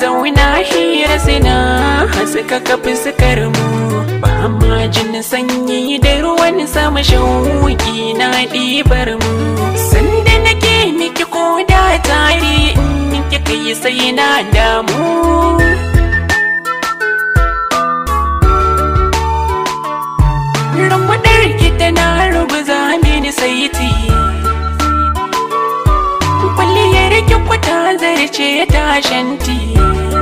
zauna hira sina haska kafin su mu ba ma jin sanyi da ruwan sama shauki na ɗibar mu sanda nake miki ko da tari in ki kai sai na damu Rambaɗar ki tana kwata zarce ta shanti.